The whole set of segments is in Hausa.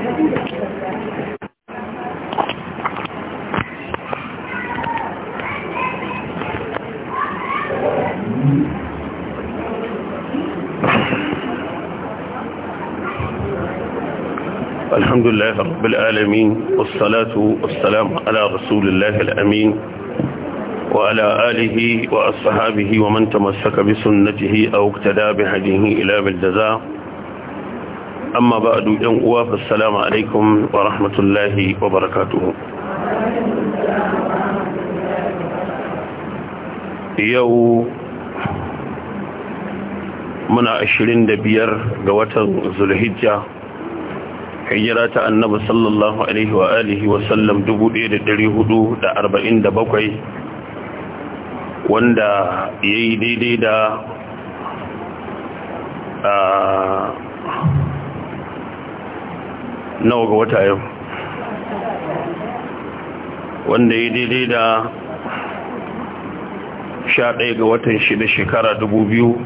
الحمد لله رب العالمين والصلاة والسلام على رسول الله الأمين وعلى آله وأصحابه ومن تمسك بسنته أو اقتدى بهديه إلى بالجزاء amma ba a duk uwa fassalamu alaikum wa rahmatullahi wa barakatuhu yau muna ashirin da biyar ga watan zulhijja hijira ta annabi sallallahu alaihi wa alihi wa sallam bakwai, wanda ya yi daidai da nawa ga wata yau wanda ya daidai da sha ɗaya ga watan shida shekara dubu biyu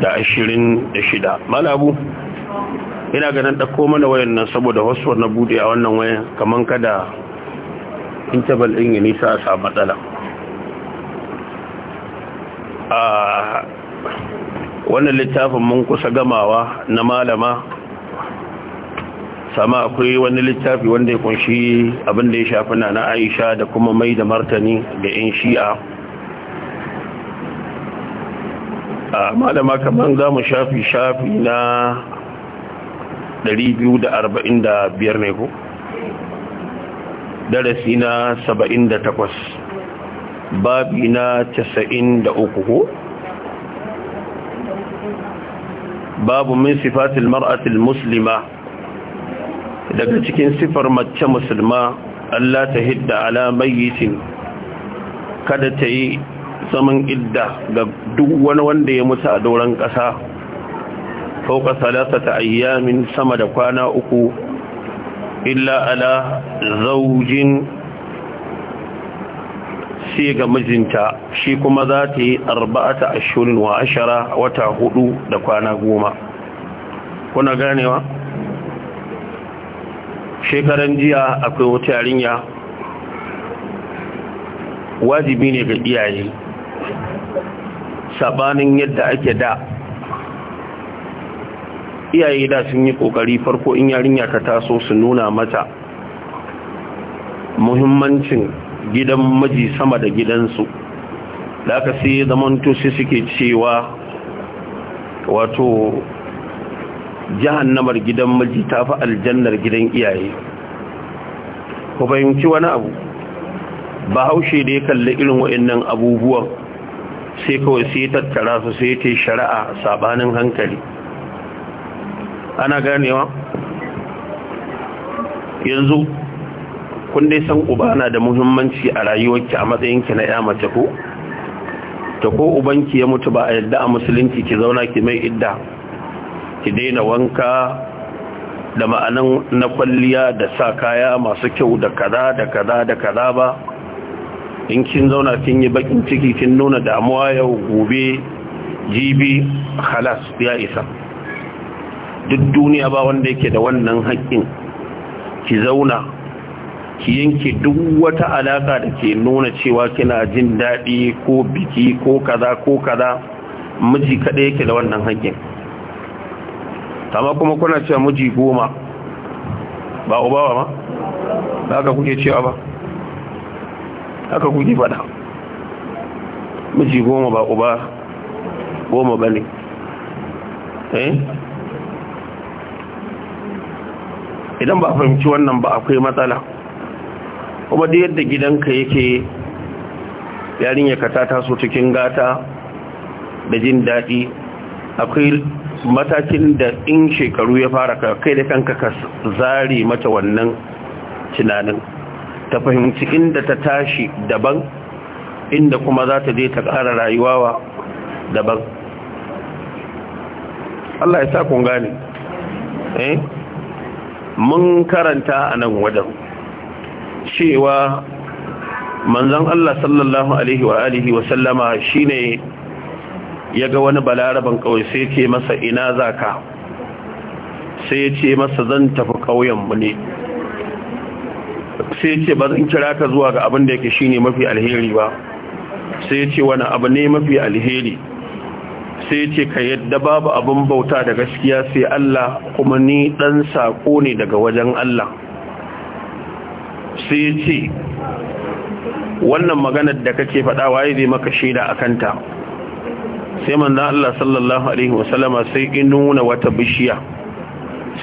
da ashirin da shida malabu ina ganin ɗauko mana wayan nan saboda wasu na buɗe a wannan wayan kamar kada intabal ɗin ya nisa a samu matsala a wannan littafin mun kusa gamawa na malama sama akwai wani littafi wanda ya kunshi abinda ya shafi na na aisha da kuma mai da martani da yan shi'a a malama kamar za mu shafi shafi na 245 ne ku darasi na 78 babi na 93 ku babu min صفات المرأة المسلمة daga cikin sifar mace musulma Allah ta hidda ala mayyitin kada ta yi saman idda ga duk wani wanda ya mutu a doron ƙasa fauka salasa ta ayyamin sama da kwana uku illa ala zaujin sai ga mijinta shi kuma za ta yi arba'ata ashirin wa ashara wata hudu da kwana goma kuna ganewa? shekaran jiya akwai wata yarinya wajibi ne ga iyaye sabanin yadda ake da iyaye da sun yi kokari farko in yarinya ta taso su nuna mata muhimmancin gidan maji sama da gidansu da aka sai zamantosu suke cewa wato jahannamar gidan miji ta fi aljannar gidan iyaye ku fahimci wani abu ba haushe da ya kalli irin wa'annan abubuwan sai kawai sai tattara su sai ta shari'a sabanin hankali ana ganewa yanzu kun dai san uba na da muhimmanci a rayuwarki a matsayinki na ya mace ko ta ko ubanki ya mutu ba a yadda a musulunci ki zauna ki mai idda ki daina wanka da ma'anin na kwalliya da sa kaya masu kyau da kaza da kaza da kaza ba in kin zauna kin yi bakin ciki kin nuna damuwa yau gobe jibi halas ya isa duk duniya ba wanda yake da wannan haƙƙin ki zauna ki yanke duk wata alaƙa da ke nuna cewa kina jin daɗi ko biki ko kaza ko kaza miji kaɗai yake da wannan haƙƙin amma kuma kuna cewa miji goma ba ubawa ma haka kuke cewa ba haka kuke fada miji goma ba uba goma ba ne eh? idan ba fahimci wannan ba akwai matsala kuma da yadda gidanka yake yarinya ka ta taso cikin gata da jin daɗi akwai matakin da in shekaru ya fara kai da kanka ka zari mata wannan tunanin ta fahimci inda ta tashi daban inda kuma za ta je ta ƙara rayuwa daban Allah ya sa kun gane eh mun karanta a nan wajen cewa manzon Allah sallallahu alaihi wa alihi wa sallama shine ya ga wani balaraban kawai sai ce masa ina za ka sai ce masa zan tafi ƙauyenmu ne sai ce ba zan kira ka zuwa ga abin da yake shine mafi alheri ba sai ce wani abu ne mafi alheri sai ce ka yadda babu abin bauta da gaskiya sai Allah kuma ni dan sako ne daga wajen Allah sai ce wannan maganar da kake faɗa ya zai maka shaida kanta. sai manzan Allah sallallahu alaihi wasallama sai in nuna wata bishiya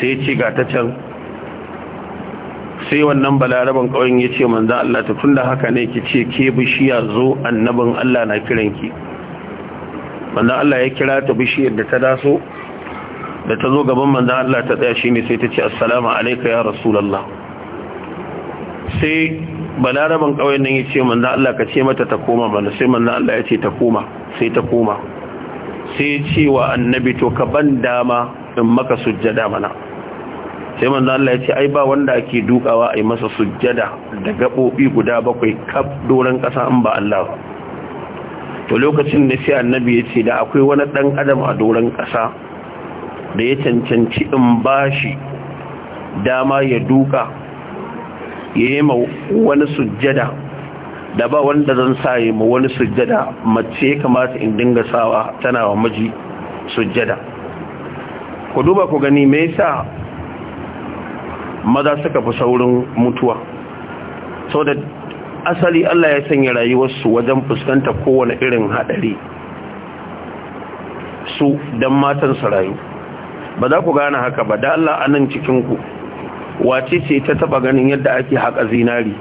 sai ce ga ta can sai wannan balaraban kawai ya ce manzan Allah ta tunda haka ne ki ce ke bishiya zo annabin Allah na kiranki manzan Allah ya kira ta bishiyar da ta daso da ta zo gaban manzan Allah ta tsaya shine sai ta ce assalamu alayka ya rasulullah sai balaraban kawai nan ya ce manzan Allah ka ce mata ta koma mana sai manzan Allah ya ce ta koma sai ta koma sai cewa annabi to ka ban dama in maka sujjada mana sai manzo Allah ya ce ai ba wanda ake dukawa ai masa sujjada da gabobi guda bakwai kaf doran kasa in ba Allah ba to lokacin da sai annabi ya ce da akwai wani dan adam a doran kasa da ya cancanci in bashi dama ya duka ya yi wani sujjada da ba wanda zan sa mu wani sujjada mace kamata in dinga sawa tana wa miji sujjada ku duba ku gani me yasa maza suka fi saurin mutuwa so da asali Allah ya sanya rayuwarsu wajen fuskanta kowane irin haɗari su don matansa rayu ba za ku gane haka ba da Allah anan cikinku wace ce ta taba ganin yadda ake haƙa zinari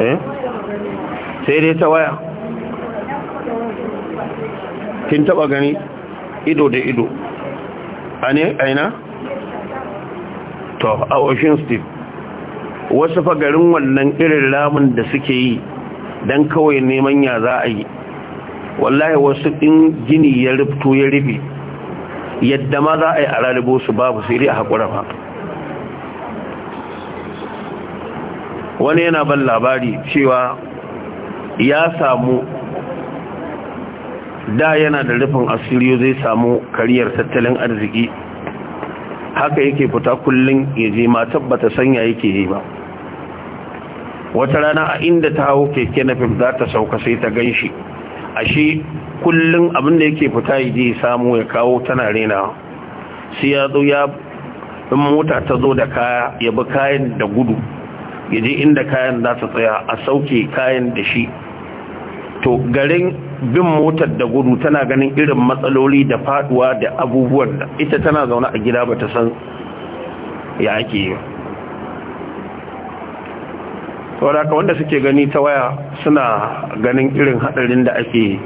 Eh? sai dai ta waya kin taba gani ido da ido a ne aina? to a ocean steve wasu fagarin wannan irin ramin da suke yi don kawai neman ya za a yi wallahi wasu ɗin gini ya rubto ya rufe yadda ma za a yi a ralibo su babu sai a haƙura ba wani yana ban labari cewa ya samu da yana da rufin asiriyo zai samu kariyar tattalin arziki haka yake fita kullum ya je ma tabbata sanya yake yi ba wata rana a inda ta hau keke na fim za ta sauka sai ta gan shi ashe kullum abinda yake fita ya je samu ya kawo tana rena sai ya zo ya in mota ta zo da kaya ya bi kayan da gudu yaje inda kayan za su tsaya a sauke kayan da shi to garin bin motar da gudu tana ganin irin matsaloli da faduwa da abubuwan da ita tana zaune a gida ba ta san ya ake yi ka wanda suke gani ta waya suna ganin irin hadarin da ake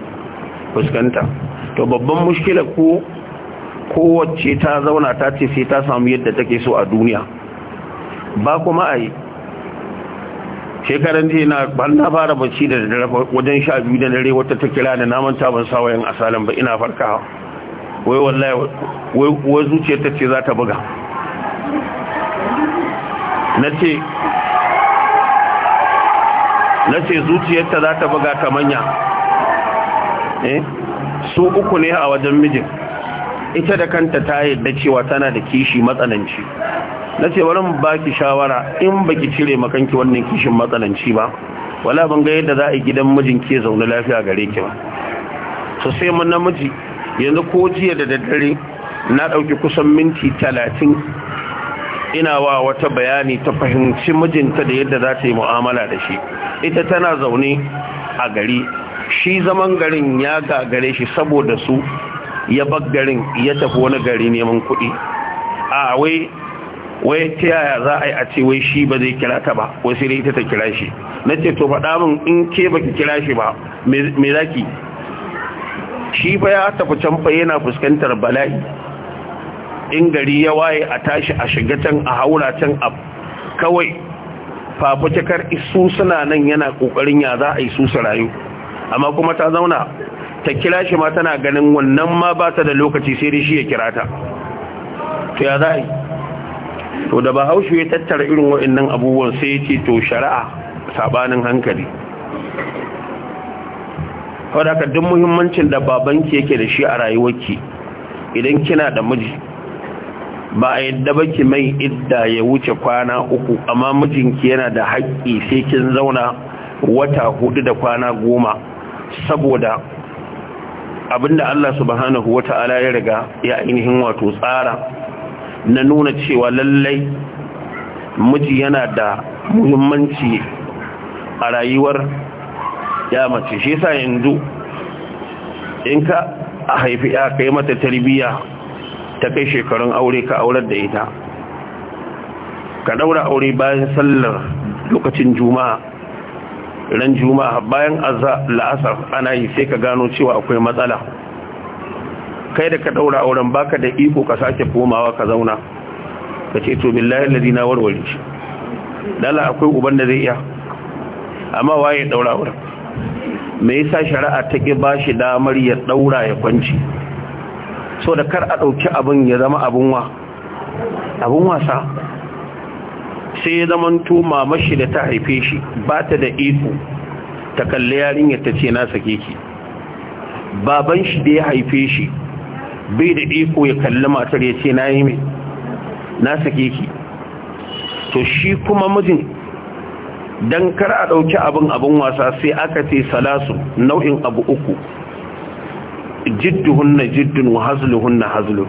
fuskanta to babban mushkila ko kowace ta zauna ta ce sai ta samu yadda take so a duniya ba kuma a shekaran jiya na ban na fara bacci da dare wajen sha biyu da dare wata ta kira da naman ta ban sawayen asalin ba ina farkawa wai wallahi wai zuciyar ta ce za ta buga na ce na ta zuciyarta za ta buga ta manya eh su uku ne a wajen mijin ita da kanta ta da cewa tana da kishi matsananci na ce warin baki shawara in baki cire makanki wannan kishin matsalanci ba wala ban ga yadda za a yi gidan mijin ke zaune lafiya gare ki ba so sai mun namiji yanzu ko jiya da daddare na ɗauki kusan minti talatin ina wa wata bayani ta fahimci mijinta da yadda za ta yi mu'amala da shi ita tana zaune a gari shi zaman garin ya ga gare shi saboda su ya garin ya tafi wani gari neman kuɗi a wai wai ta yaya za a yi a ce wai shi ba zai kira ta ba wai sai ita ta kira shi na ce to faɗa min in ke baki kira shi ba me zaki shi ba ya tafi can fa yana fuskantar bala'i in gari ya waye a tashi a shiga can a haura can a kawai kar isu suna nan yana kokarin ya za a yi su rayu amma kuma ta zauna ta kira shi ma tana ganin wannan ma ba ta da lokaci sai dai shi ya kira ta to ya za a yi to da bahaushe ya tattara irin waɗannan abubuwan sai ya ce to shari'a sabanin hankali wadaka duk muhimmancin da babanki yake da shi a rayuwarki idan kina da miji ba a yadda ba ki mai idda ya wuce kwana uku amma mijinki yana da haƙƙi sai kin zauna wata hudu da kwana goma saboda abinda Allah subhanahu Ta'ala ya riga ya ainihin wato tsara na nuna cewa lallai miji yana da muhimmanci a rayuwar ya mace shi sa yanzu in ka a haifi ya kai mata tarbiyya ta kai shekarun aure ka aurar da ita ka daura aure bayan sallar lokacin juma'a ran juma'a bayan la'asar ana yi sai ka gano cewa akwai matsala kai da ka daura auren baka da iko ka sake komawa ka zauna ka ce to billahi allazi na warware shi lalla akwai uban da zai iya amma waye daura auren me yasa shari'a ta ki bashi damar ya daura ya kwanci so da kar a dauki abin ya zama abun wa abun wasa sai ya zama to mama shi da ta haife shi ba ta da iko ta kalli yarinyar ta ce na sake ki baban shi da ya haife shi bai da iko ya kalli matar ya ce na yi mai na sake ki to shi kuma mijin don kar a ɗauki abin abin wasa sai aka ce salasu nau'in abu uku na jiddun wa na hazlu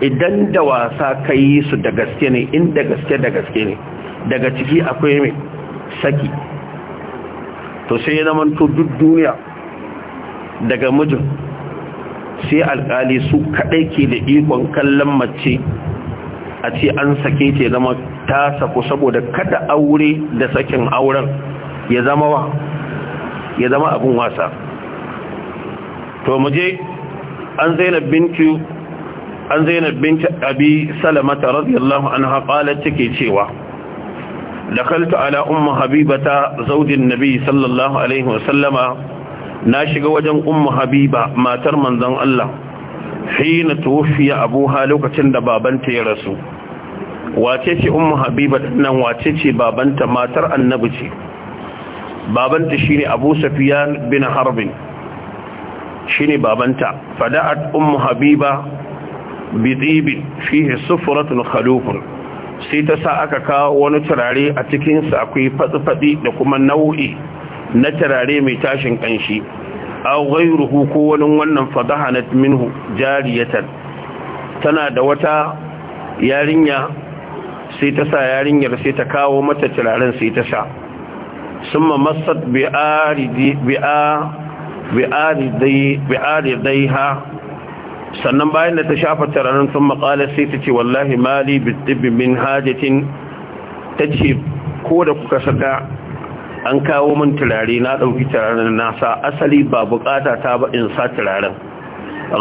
idan da wasa ka yi su da gaske ne inda gaske da gaske ne daga ciki akwai mai saki to sai ya zama to duk duniya daga mijin sai alkali su kadai ke da ikon kallon mace a ce an sake ce zama ta sako saboda kada aure da sakin auren ya zama wa ya zama abin wasa to muje an zainab binti an zainab binti abi salamata radiyallahu anha qalat take cewa dakhaltu ala ummu habibata zawjin nabi sallallahu alaihi wa sallama na shiga wajen Umma habiba matar manzon Allah hina tuwfiya abuha lokacin da babanta ya rasu wace ce Umma habiba nan wace ce babanta matar annabi ce babanta ne abu safiyan bin harbin ne babanta fada'at ummu habiba bi tibin fihi sufratun khalufun sai ta sa aka kawo wani turare a cikinsa akwai fatsi da kuma nau'i na tarare mai tashin kanshi aw ruhu ko wani wannan na minhu jariyatan tana da wata yarinya sai ta sa yarinyar sai ta kawo mata turaren sai ta sa summa massat bi aridi bi a sannan bayan da ta shafa turaren sun makalar sai ta ce wallahi mali bitibbi min hajjatin ta ce ko da kuka saka an kawo min turare na ɗauki turaren nasa asali ba bukata ta ba in sa turaren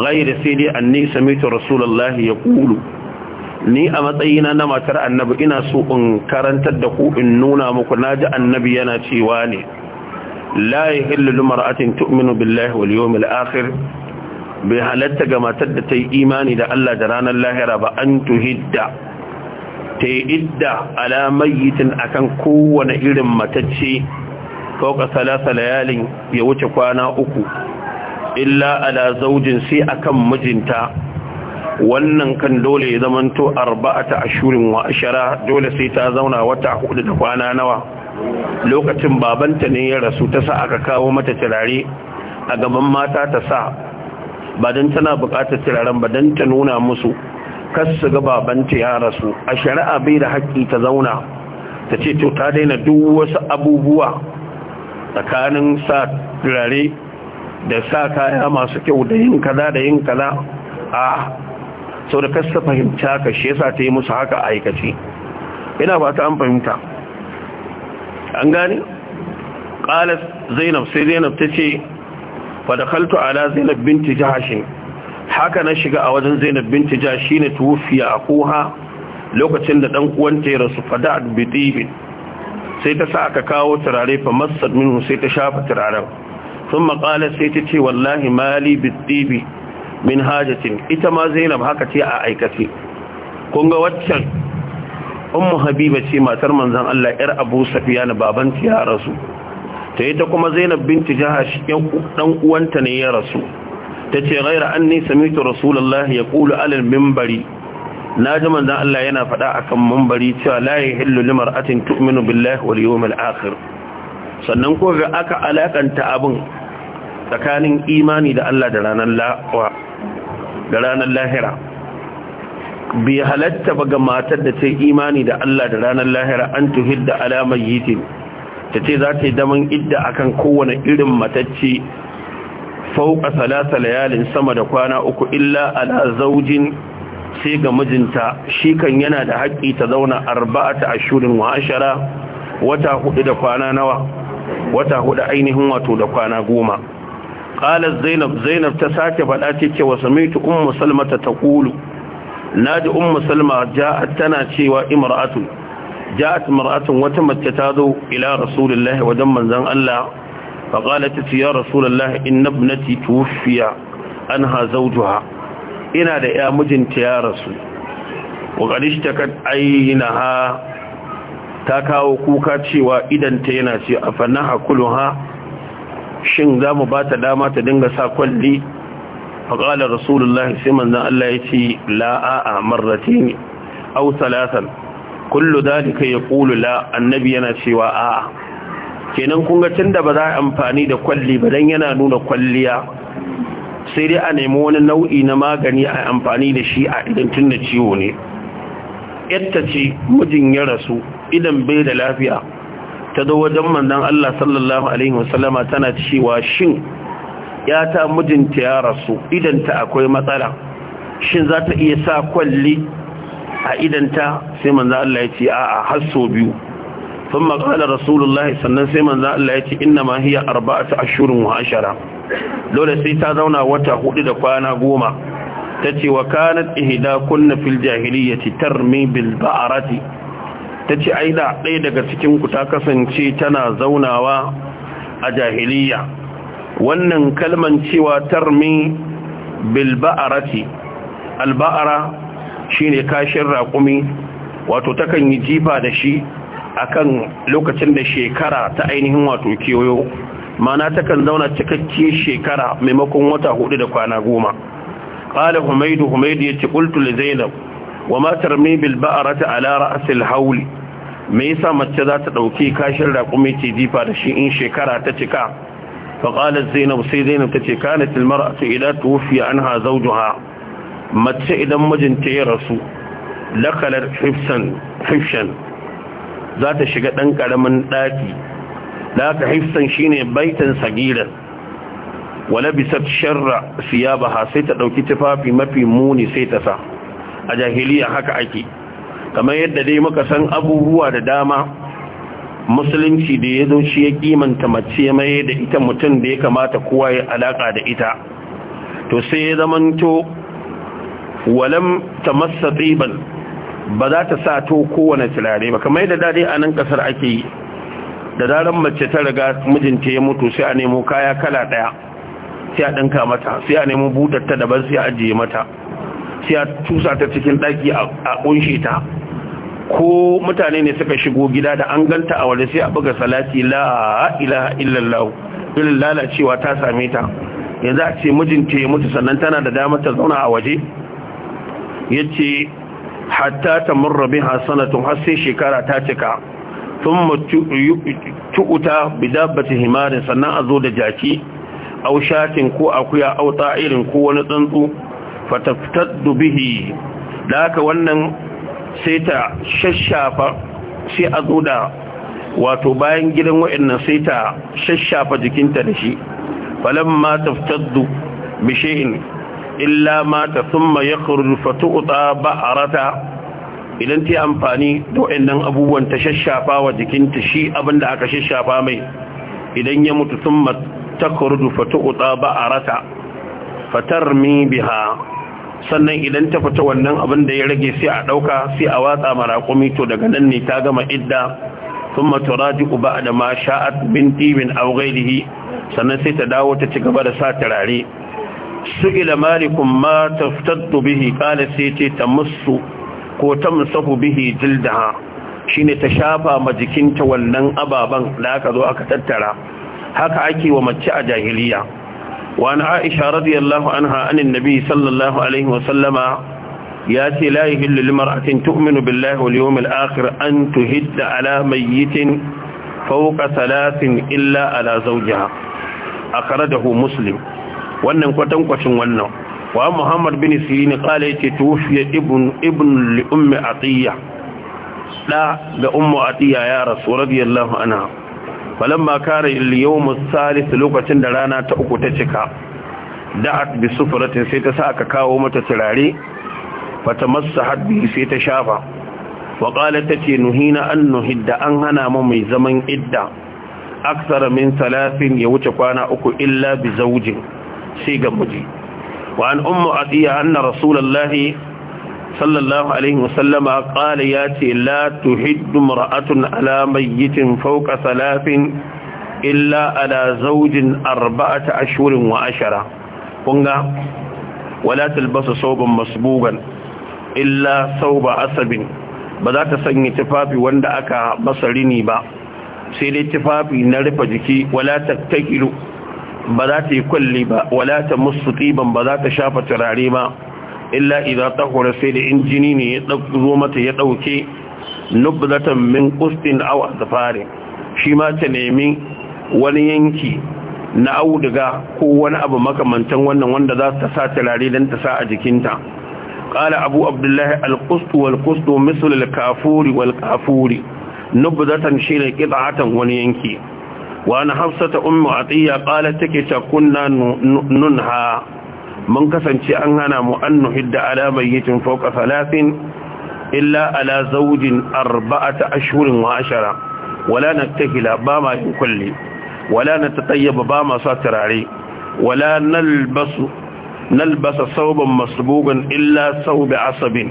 ghairi sai dai anni samitu rasulullahi ya kulu ni a matsayina na matar annabi ina so in karantar da ku in nuna muku naji annabi yana cewa ne la yahillu limar'atin tu'minu billahi wal yawmil akhir bai halatta ga matar da ta yi imani da Allah da ranar lahira ba an tuhidda ta yi idda ala mayyitin akan kowane irin matacce fauka salasa layalin ya wuce kwana uku illa ala zaujin sai akan mijinta wannan kan dole ya zamanto arba'ata ashurin wa ashara dole sai ta zauna wata hudu da kwana nawa lokacin babanta ne ya rasu ta sa aka kawo mata turare a gaban mata ta sa badan tana bukatar turaren ba don ta nuna musu kasu ga babanta ya rasu a shari'a bai da haƙƙi ta zauna ta ce to ta daina duk wasu abubuwa tsakanin sa turare da sa kaya masu kyau da yin kaza da yin kaza a sau da kasu fahimta ka shi yasa ta yi musu haka aikace ina ba ta an fahimta an gane ƙalas zainab sai zainab ta ce fadakaltu ala zainab binti jahashin haka na shiga a wajen zainab binti ja shine tuwufiya a koha lokacin da dan uwanta ya rasu fada bitibin sai ta sa aka kawo turare fa masad minhu sai ta shafa turaren sun makala sai ta ce wallahi mali bitibi min hajatin ita ma zainab haka ce a aikace kun ga waccan ummu habiba ce matar manzon Allah yar Abu Sufyan baban ta ya rasu ta ita kuma Zainab binti Jahash ɗan uwanta ne ya rasu tace ghaira anni sami'tu ya kula 'ala mimbari na naji manzan Allah yana faɗa akan mambari cewa la yahillu limar'atin tu'minu billahi wal yawmil akhir sannan ko ga aka alakanta abin tsakanin imani da Allah da ranar lawa da ranar lahira bai halatta ba ga matar da ta imani da Allah da ranar lahira an tuhidda alamar yitin ta ce za ta yi daman idda akan kowane irin matacce fauka salasala layalin sama da kwana uku illa ala zaujin sai ga mijinta shi kan yana da haƙƙi ta zauna arba'ata ashurin wa ashara wata hudu da kwana nawa wata hudu ainihin wato da kwana goma qalat zainab zainab ta sake faɗa ce ce wa samitu ummu salmata taqulu naji ummu salma ja'at tana cewa imra'atu ja'at mar'atun wata mace ta zo ila rasulullahi wajen manzon Allah faƙala ta ce ya rasulallah inna ibnati tuwfiya anha zawjuha ina da ya mijinta ya rasu wa qad ishtakat aynaha ta kawo kuka cewa idan ta yana ce Kulu ha, shin zamu ba ta dama ta dinga sa kwalli faƙalar rasulullah sai manzan Allah ya ce la'a a marrati ne au salatan kullu dalika ya ƙulu la annabi yana cewa a'a kenan kun ga tunda ba za a amfani da kwalli ba dan yana nuna kwalliya sai dai a nemi wani nau'i na magani a amfani da shi a idan da ciwo ne yadda ce mijin ya rasu idan bai da lafiya ta zo wajen manzon Allah sallallahu alaihi wasallama tana cewa shin ya yata mijinta ya rasu idan ta akwai matsala shin za ta iya sa kwalli a idan ta, sai manzon Allah ya ce a'a har sau biyu sun maƙalar rasulullah sannan sai manza Allah ya ce inna ma hiya arba'atu ashurin wa ashara dole sai ta zauna wata hudu da kwana goma ta ce wa kanat ihda kunna fil jahiliyyati tarmi bil ta ce ai da daga cikin ku ta kasance tana zaunawa a jahiliya wannan kalman cewa tarmi bil alba'ara al ba'ara shine kashin raƙumi wato takan yi jifa da shi akan lokacin da shekara ta ainihin wato kewayo mana takan zauna cikakken shekara maimakon wata hudu da kwana goma qala humaydu humaydu yace qultu li zainab wama tarmi bil ba'rati ala ra'sil hawl me yasa mace za ta dauke kashin raƙumi ce jifa da shi in shekara ta cika fa qala zainab sai zainab tace kanat al mar'atu idha tufi anha zawjuha mace idan mijinta ya rasu lakalar hifsan hifshan za ta shiga ɗan ƙaramin ɗaki da aka haifsan shi ne baitan sagiran Wale bisar sharra siya ba sai ta ɗauki tufafi mafi muni sai ta sa a jahiliya haka ake kamar yadda dai muka san abubuwa da dama musulunci da ya zo shi ya kimanta mace mai da ita mutum da ya kamata kowa ya alaka da ita to sai ya zamanto walam ta masa tsiban ba za ta sa to kowane turare ba kamar da dai a nan kasar ake yi da zarar mace ta riga mijinta ya mutu sai a nemo kaya kala daya sai a dinka mata sai a nemo butar ta daban sai a ajiye mata sai a tusa ta cikin ɗaki a kunshi ta ko mutane ne suka shigo gida da an ganta a wani, sai a buga salati la ilaha illallah irin lalacewa ta same ta yanzu a ce mijinta ya mutu sannan tana da damar ta zauna a waje yace hatta ta murra biha sanatun har sai shekara ta cika sun bi bidabbati himarin sannan a zo da jaki au shatin ko akuya au ta'irin ko wani tsuntsu fataftaddu bihi da haka wannan sai ta shashafa sai a zo da wato bayan gidan wa'annan sai ta shashafa jikinta da shi falamma taftaddu bishe'in illa mata thumma yakhruju a rata, idan ta amfani da waɗannan abubuwan ta shashafa wa jikinta shi abinda aka shashafa mai idan ya mutu ta thumma a rata, fatar mi biha sannan idan ta fita wannan abin da ya rage sai a ɗauka sai a watsa maraƙumi to daga nan ne ta gama idda ثم تراجع da ma sha'ad bin ɗibin أو غيره sannan sai ta dawo ta ci gaba da sa turare su'ila malikun ma taftattu bihi kala sai ce ta musu ko ta bihi jildaha shine ta shafa ma jikinta wannan ababan da aka zo aka tattara haka ake wa mace a jahiliya wa na aisha radiyallahu anha anin nabi sallallahu alaihi wa sallama ya ce la yuhillu limar'atin tu'minu billahi wal yawmil akhir an tuhidda ala mayyitin fawqa thalathin illa ala zawjiha akhrajahu muslim wannan kwatankwacin wannan wa muhammad bin sirin kala yace tufiya ibn ibn li ummi da ga ummu atiya ya rasu radiyallahu anha falamma kare al-yawm lokacin da rana ta uku ta cika da'at bi sufratin sai ta sa aka kawo mata turare fatamassahat bi sai ta shafa wa qalat tace nuhina an da an hana mu mai zaman idda aksara min salafin ya wuce kwana uku illa bi zaujin ga muji wa an ummu atiya anna rasulullahi sallallahu alaihi wasallama qala ce la tuhiddu mar'atun ala mayyitin fawqa salafin illa ala zawjin arba'ata ashhurin wa ashara kunga wala talbasu sauban masbugan illa sauba asabin ba za ta sanya tufafi wanda aka masa rini ba sai dai tufafi na rufe jiki wala tattakilu ba za ta yi kwalli ba wala ta musu ɗiban ba za ta shafa turare ba illa idan tahura sai da injini ne ya zo mata ya ɗauke nubzatan min kustin awa da fari shi ma ta nemi wani yanki na auduga ko wani abu makamantan wannan wanda za ta sa turare don ta sa a jikinta ƙala abu abdullahi alkustu walkustu misal kafuri walkafuri nubzatan shi ne ƙitsa'atan wani yanki wani hafsata Umma a tsiyya ƙala take ta kunna nun ha mun kasance an hana mu an nuhi da alamar yitin fauka salafin illa ala zaujin arba'ata ashurin wa ashara wala na tahila ba ma yin kulle wala na tattayyaba ba ma sa turare wala nalbasa sauban masubugan illa saube asabin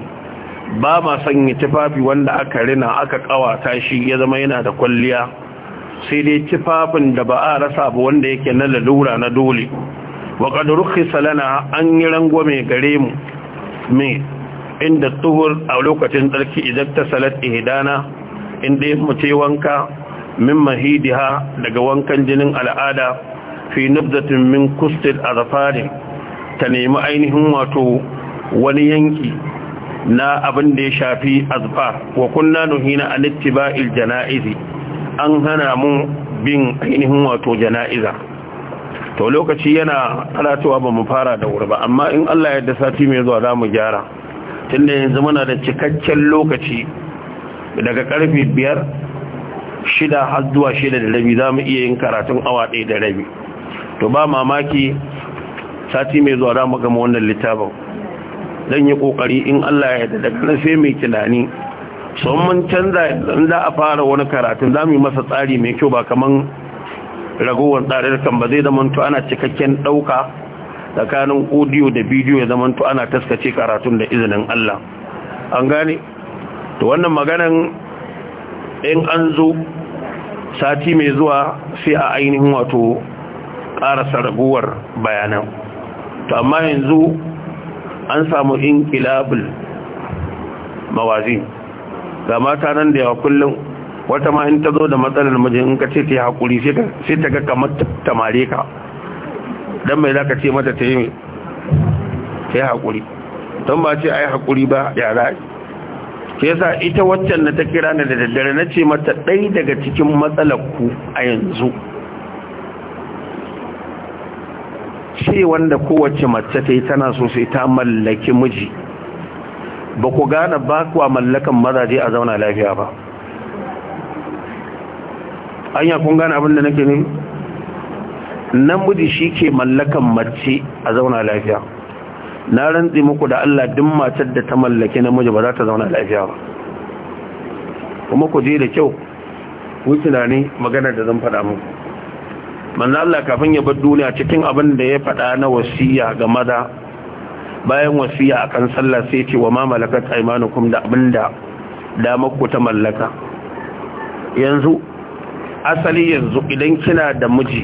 ba ma sanya tufafi wanda aka rina aka kawata shi ya zama yana da kwalliya sai dai tifafin da ba a rasa ba wanda yake na lalura na dole wa ƙadurukhi salana an yi mai gare mu mai inda tuhur a lokacin tsarki idan ta salat ihidana inda ya mace wanka min ha daga wankan jinin al'ada fi nubzatin min kustin a zafarin ta nemi ainihin wato wani yanki na abin da ya shafi azfar wa kunna nuhina an ittiba'il jana'izi an hana mu bin ainihin wato jana'iza to lokaci yana cewa ba mu fara da wuri ba amma in Allah ya yadda sati mai zuwa za gyara tunda yanzu muna da cikakken lokaci daga karfe biyar shida har zuwa shida da rabi za iya yin karatun awa ɗaya da rabi to ba mamaki sati mai zuwa zamu mu gama wannan littafin zan yi ƙoƙari in Allah ya yadda da nan sai mai tunani sun mun canza in za a fara wani karatun za mu yi masa tsari mai kyau ba kamar ragowar kan ba zai zamanto ana cikakken ɗauka tsakanin audio da bidiyo ya zamanto ana taskace karatun da izinin Allah an gane to wannan maganan in an zo sati mai zuwa sai a ainihin wato ƙarasa ragowar bayanan to amma yanzu an samu inkilabul mawazin ga mata nan da yawa kullum wata ma in ta zo da matsalar miji in ka ce ta yi haƙuri sai ta ga kamar ta mare ka don mai za ka ce mata ta yi haƙuri don ba ce a yi haƙuri ba ya za ke sa ita waccan da ta kira na da daddare na ce mata ɗai daga cikin matsalar ku a yanzu ce wanda kowace mace ta yi tana sosai ta mallaki miji ba ku gane ba a mallakan mazaje a zauna lafiya ba anya kun gane abin da nake ne namiji shi ke mallakan mace a zauna lafiya na rantsi muku da Allah duk matar da ta mallake namiji ba za ta zauna lafiya ba kuma ku je da kyau ku tunani magana da zan faɗa muku manzo Allah kafin ya bar duniya cikin abin da ya faɗa na wasiya ga maza bayan wasiya akan sallah sai ce wa ma malakat aymanukum da da damar ku ta mallaka yanzu asali yanzu idan kina da miji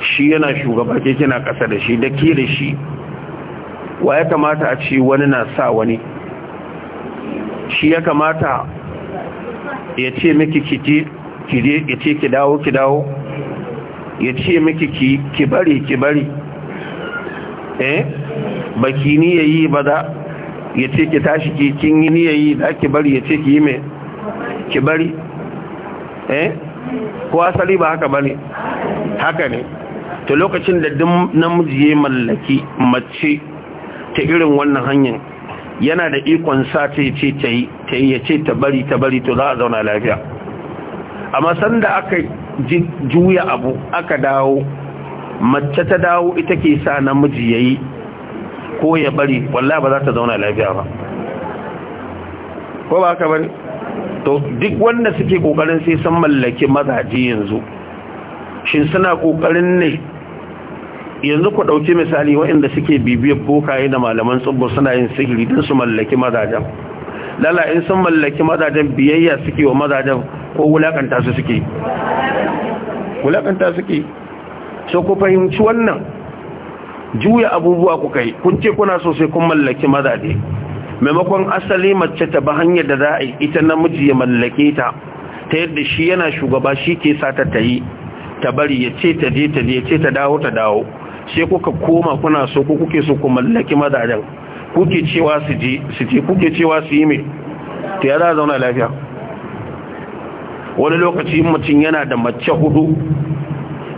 shi yana shugaba ke kina ƙasa da shi da ke da shi wa ya kamata a ce wani na sa wani shi ya kamata ya ce miki kide ya ce ki dawo ki dawo ya ce miki ki bari ki bari eh Baki ni niyayi ba da ya ce ki tashi ki kin yi niyayi da ki bari ya ce ki yi mai ki bari eh ko asali ba haka bane haka ne to lokacin da duk namiji ya mallaki mace ta irin wannan hanyar yana da ikon sa ta ce ta yi ta yi ya ce ta bari ta bari to za a zauna lafiya amma da aka juya abu aka dawo mace ta dawo ita ke sa namiji ya yi ko ya bari wallahi ba za ta zauna lafiya ba ko ba ka bari to duk wanda suke kokarin sai san mallaki mazaje yanzu shin suna kokarin ne yanzu ku dauki misali waɗanda suke bibiyar bokaye da malaman tsubbu suna yin sihiri don su mallaki mazajen lala in sun mallaki mazajen biyayya suke wa mazajen ko wulakanta su suke wulakanta suke so ku fahimci wannan juya abubuwa kuka yi kun ce kuna so sai kun mallaki mazaje maimakon asali mace ta ba hanyar da za a yi ita namiji ya mallake ta ta yadda shi yana shugaba shi ke sa ta ta yi ta bari ya ce ta je ta je ta dawo ta dawo sai kuka koma kuna so ku kuke so ku mallaki mazajen kuke cewa su je su je kuke cewa su yi mai ta yara zauna lafiya wani lokaci mutum yana da mace hudu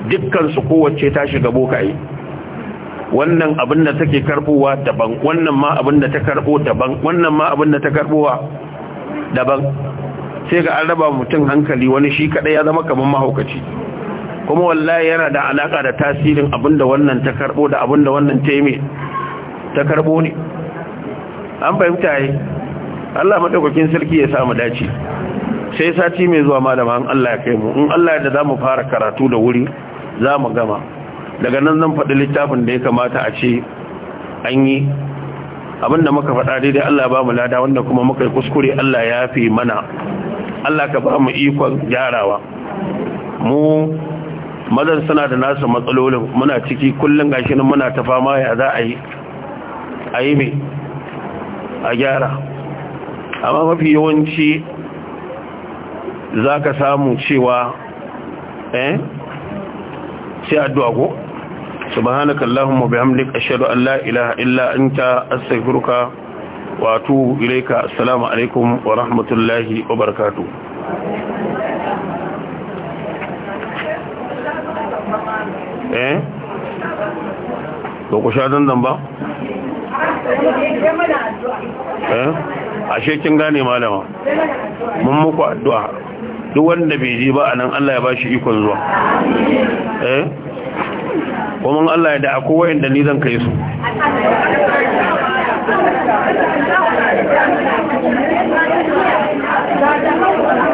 dukkan su kowace ta shiga bokaye wannan abin da take karbowa daban wannan ma abin da ta karbo daban wannan ma abin da ta karbowa daban sai ga an raba mutum hankali wani shi kadai ya zama kaman mahaukaci kuma wallahi yana da alaka da tasirin abin da wannan ta karbo da abin da wannan ta yi ta karbo ne an fahimta yi Allah madaukakin sarki ya samu dace sai sati mai zuwa malama an Allah ya kai mu in Allah ya da zamu fara karatu da wuri zamu gama daga nan zan faɗi littafin da ya kamata a ce an yi abinda muka faɗa daidai Allah ba mu lada wanda kuma muka yi kuskure Allah ya fi mana Allah ka ba mu ikon gyarawa mu mazan suna da nasu matsalolin muna ciki kullum gashinin nan muna ta fama ya za a yi a yi mai a gyara amma mafi yawanci za ka samu cewa eh sai addu'a ko subhanaka mu bihamdika ashhadu an la ilaha illa anta astaghfiruka wa atubu ilayka alaikum wa rahmatullahi wa eh ba ku sha ba eh ashe kin gane malama mun muku addu'a duk wanda bai ji ba anan Allah ya bashi ikon zuwa eh kuma Allah ya da akwai wayanda ni zan kai su Thank you.